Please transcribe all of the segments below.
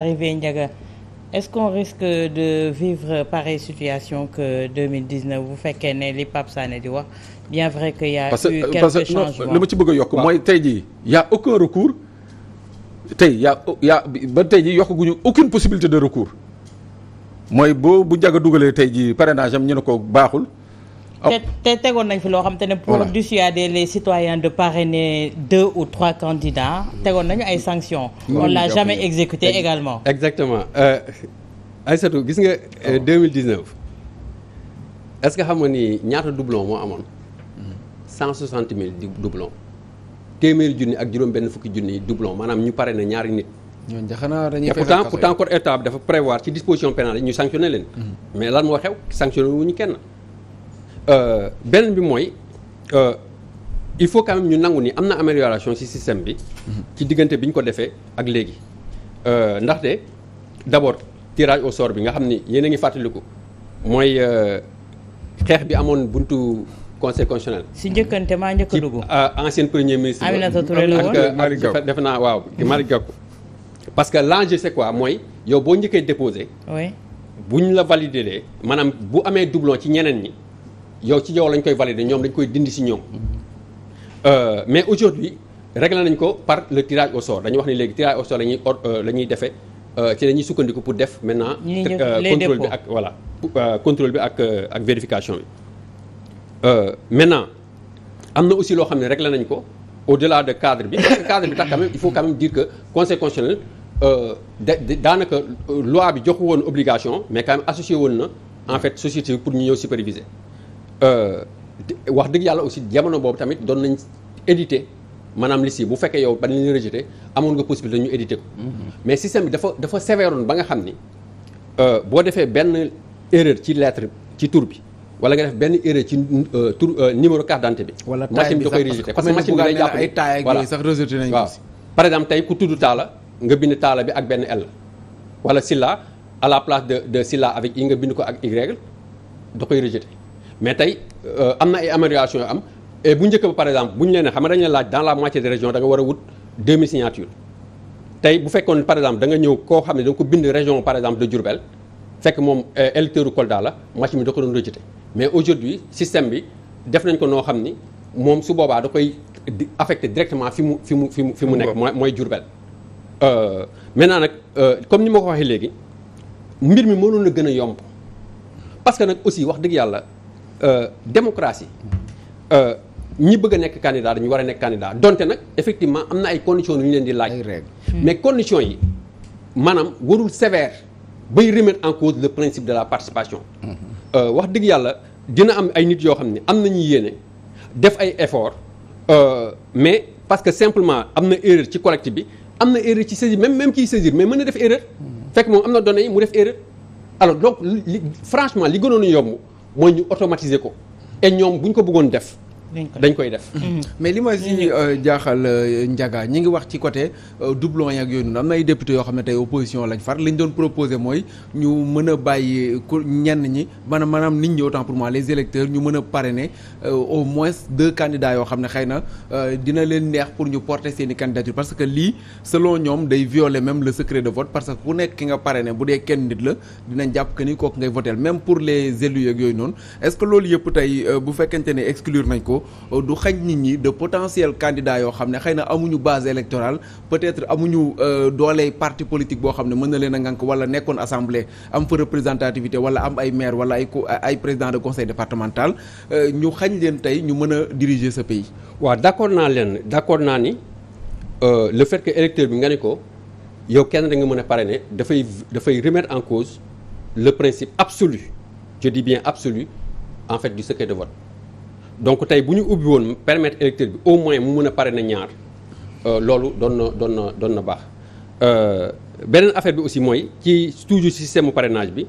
arrivé Ndiaga est-ce qu'on risque de vivre pareille situation que 2019 bu fekkee ne li Pape Sané di wax bien vrai que y parce, eu quelques parce, changements ci bëgg a yokk mooy tey jii y a aucun recours tey y a y a ba tey jii yokkaguñu aucune possibilité de recours mooy boo bu Ndiaga dugalee tey jii parrainage am ñu ne ko baaxul te tegoon nañ fi loo xam te ne pour dissuader les citoyens de parrainer deux ou trois candidats tegoon nañu ay sanctions on l'a jamais exécuté également exactement euh, Aïssatou gis nga 2019 euh, est-ce que xam nga ni ñaata doublon moo amoon cent soixante mille doublon téeméeri junni ak juróom benn fukki junni doublon maanaam ñu pare na ñaari nit et pourtant pourtant code état bi dafa prévoir ci disposition pénale ñu sanctionné leen mm-hmm. mais lan moo xew sanctionné ñu kenn Euh, beneen bi mooy euh, il faut quand même ñu nangu ni am na amélioration ci système bi. ci diggante bi ñu ko defee ak léegi. Euh, ndaxte d'abord tirage au sort bi nga xam ni yéen a ngi fàttaliku mooy xeex bi amoon buntu. conseil constitutionnel. si njëkkante maa njëkk a dugg. ancienne premier ministre. Aminata Touré la woon ak Malick Gakou def naa waaw Malick Gakou. parce que l'enjeu c'est quoi mooy yow boo njëkkee déposé. bu ñu la valider maanaam bu amee doublon ci ñeneen ñi. yow ci yow lañ koy valider ñoom dañ koy dindi si ñoom euh, mais aujourd'hui réglé nañ ko par le tirage au sort dañu wax ni léegi tirage au sort la ñuy or euh, la ñuy defee euh, ci la sukkandiku pour def maintenant contrôle bi ak voilà contrôle bi ak ak vérification bi maintenant am na aussi loo xam ne réglé nañ ko au-delà de cadre bi parce que cadre bi tax quand il faut quand même que conseil constitutionnel de daanaka loi bi joxu woon obligation mais quand associé woon na en fait société bi pour ñu ñëw superviser Euh, wax dëgg yàlla aussi jamono boobu tamit doon nañ édité maanaam liste bu fekkee yow ba ñu rejeté amoon nga possibilité ñu édité ko. Mm-hmm. mais système bi dafa dafa sévéroon ba nga xam ni euh, boo defee benn erreur ci lettre ci tour bi. wala nga def benn erreur ci euh, tur numéro carte d'identité bi. wala machine bi da koy rejeté parce que machine bi day jàpp ay taay ak par exemple tey ku tudd taala nga bind taala bi ak benn L. wala silla à la place de de silla avec yi nga bind ko ak Y da koy rejeté. mais tey euh, am na ay amélioration am et bu njëkk ba par exemple bu ñu leen ne xam nga dañu la laaj dans nga war a wut 2000 signatures tey bu fekkoon par exemple da nga ñëw koo xam ne da ko bind région par exemple de Diourbel fekk moom euh, électeur Kolda la machine bi da ko doon rejeté mais aujourd'hui système bi def nañ ko noo xam ni moom su boobaa da koy affecté directement fi mu fi mu fi mu fi mu nekk mooy Diourbel euh, maintenant nag comme ni ma ko waxee léegi mbir mi mënoon la gën a yomb parce que nag aussi wax dëgg yàlla Euh, démocratie euh, ñi bëgg a nekk candidat dañu war a nekk candidat donte nag effectivement am na ay conditions yu ñu leen di laaj. Hmm. mais conditions yi maanaam warul sévère bay remettre en cause le principe de la participation. Hmm. Euh, wax dëgg yàlla dina am ay nit yoo xam ne am na nañu yéene def ay effort mais parce que simplement am na erreur ci collectif bi am na erreur ci saisir même même kiy saisir mais mën na def erreur. Hmm. fekk moom am na données yi mu def erreur alors donc li franchement li gënoon a yomb. mooy ñu automatiser ko et ñoom bu ñu ko bëggoon def dañ koy def mm-hmm. mais li ma si euh, jaaxal euh, njaga ñi ngi wax ci côté euh, doublon yak yooyu noonu am na ay député yoo xam ne tey opposition lañ far liñ doon proposé mooy ñu mën a bàyyi ku ñenn ñi maanaam maanaam nit ñi autant pour moi les électeurs ñu mën a parrainer au moins deux candidats yoo xam ne xëy na dina leen neex pour ñu porter seen i candidature parce que lii selon ñoom day violer même le secret de vote parce que ku nekk ki nga parrainé bu dee kenn nit la dinañ jàpp que pour les élus yak yooyu noonu est-ce que loolu yëpp tey bu fekkente ne ko euh, du xañ nit ñi de potentiel candidat yoo xam ne xëy na amuñu base électorale peut-être amuñu euh, dooley parti politique boo xam ne mën na leen a ngànk wala nekkoon assemblée am fa représentativité wala am ay maire wala ay ay président de conseil départemental euh, ñu xañ leen tey ñu mën a diriger sa pays. waa d'accord naa leen d'accord naa ni le fait que électeur bi nga ne ko yow kenn da nga mën a parrainer dafay dafay remettre en cause le principe absolu je dis bien absolu en fait du secret de donc tey bu ñu ubbi woon permettre électeur bi au moins mu mën a pare na ñaar euh, loolu doon na doon na doon na baax euh, beneen affaire bi aussi mooy ci toujours système parrainage bi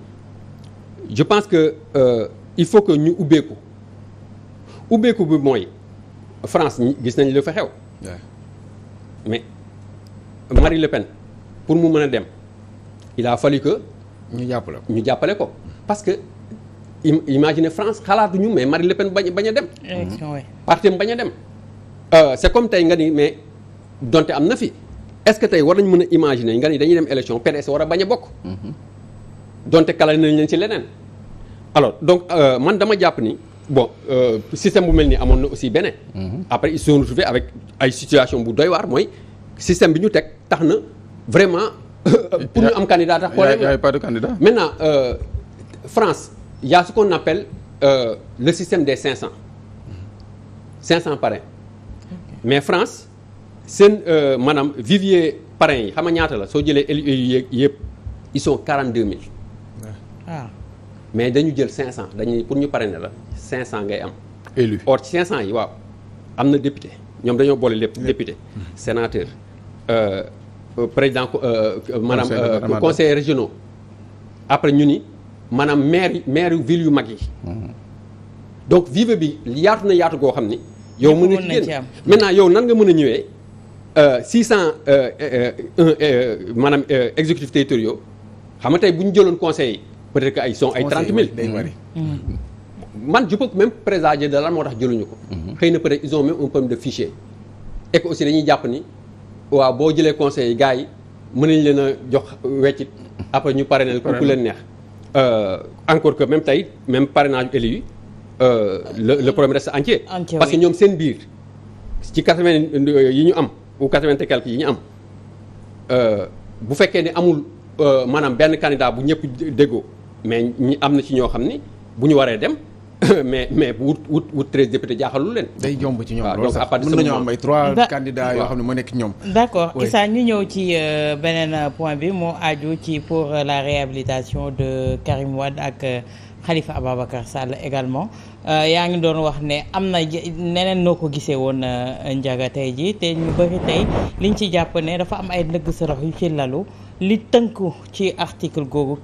je pense que euh, il faut que ñu ubbeeku ubbeeku bi mooy France gis nañ la fa xew. mais Marine Le Pen pour mu mën a dem il a ñu jàppale ko ñu jàppale ko parce imaginez France xalaatuñu mais Marine Le bañ bañ a dem. élection waay bañ a dem. Euh, c'est comme tey nga ni mais donte am na fi est-ce que tey war nañ mën a imaginer nga ni dañuy dem élection PDS war a bañ a bokk. Mhm. donte kala nañ leen ci leneen. alors donc euh, man dama jàpp ni bon euh, système bu mel ni amoon na aussi beneen. Mhm. après ils se sont retrouvés avec ay situation bu doy waar mooy système bi ñu teg tax na vraiment. Euh, pour ñu am candidat tax. y' a y' a pas de candidat. maintenant France. y a ce qu'on appelle euh, le système des cent 500 cent okay. mais France seen euh, maanaam vivier parrains yi xam ñaata la soo jëlee élu yeeg yëpp ils sont 42000. waaw ah. mais dañu jël 500 dañuy pour ñu parrainer la cinq cent ngay am. élu or ci 500 yi waaw am na député ñoom dañoo boole lépp député hmm. sénateur euh, euh président euh, maanaam euh, conseil régionaux après ñu ni. maanaam maire maire ville yu mag yi. donc vive bi yaatu na yaatu goo xam ni. yow mën na ci génn maintenant yow nan nga mën a ñëwee 600 euh, euh, euh, maanaam exécutifs territoriaux xam nga tey bu ñu jëloon conseil yi peut-être que ay sont ay 30 000. Mm. Mm. man je peux même présager de lan moo tax jëluñu ko. Mm-hmm. xëy na peut-être ils ont même un problème de fichier. et que aussi dañuy jàpp ni waaw boo jëlee conseil yi gars yi mën nañ leen a jox weccit après ñu pare leen ku leen neex. Euh, encore que même tey même parrainage élu yi euh, la le problème reste entier. parce que ñoom seen biir ci quatre-vingt euh, yi ñu am ou quatre-vingt yi ñu am bu fekkee ne amul maanaam benn candidat bu ñëpp déggoo mais ñi am na ci ñoo xam ni bu ñu waree dem. mais mais wut wut wut treize députés jaaxalul leen. day jomb ci ñoom loolu sax mën nañoo ñoom ay trois candidats yoo xam ne moo nekk ñoom. d'accord Issa ñu ñëw ci euh, beneen euh, point bi moo aju ci pour euh, la réhabilitation de Karim Wade ak xalifa Ababacar Sall également yaa ngi doon wax ne am na neneen noo ko gisee woon njaga tey ji te ñu bëri tey liñ ci jàpp ne dafa am ay ndëgg sërëx yu ci lalu li tënku ci article googu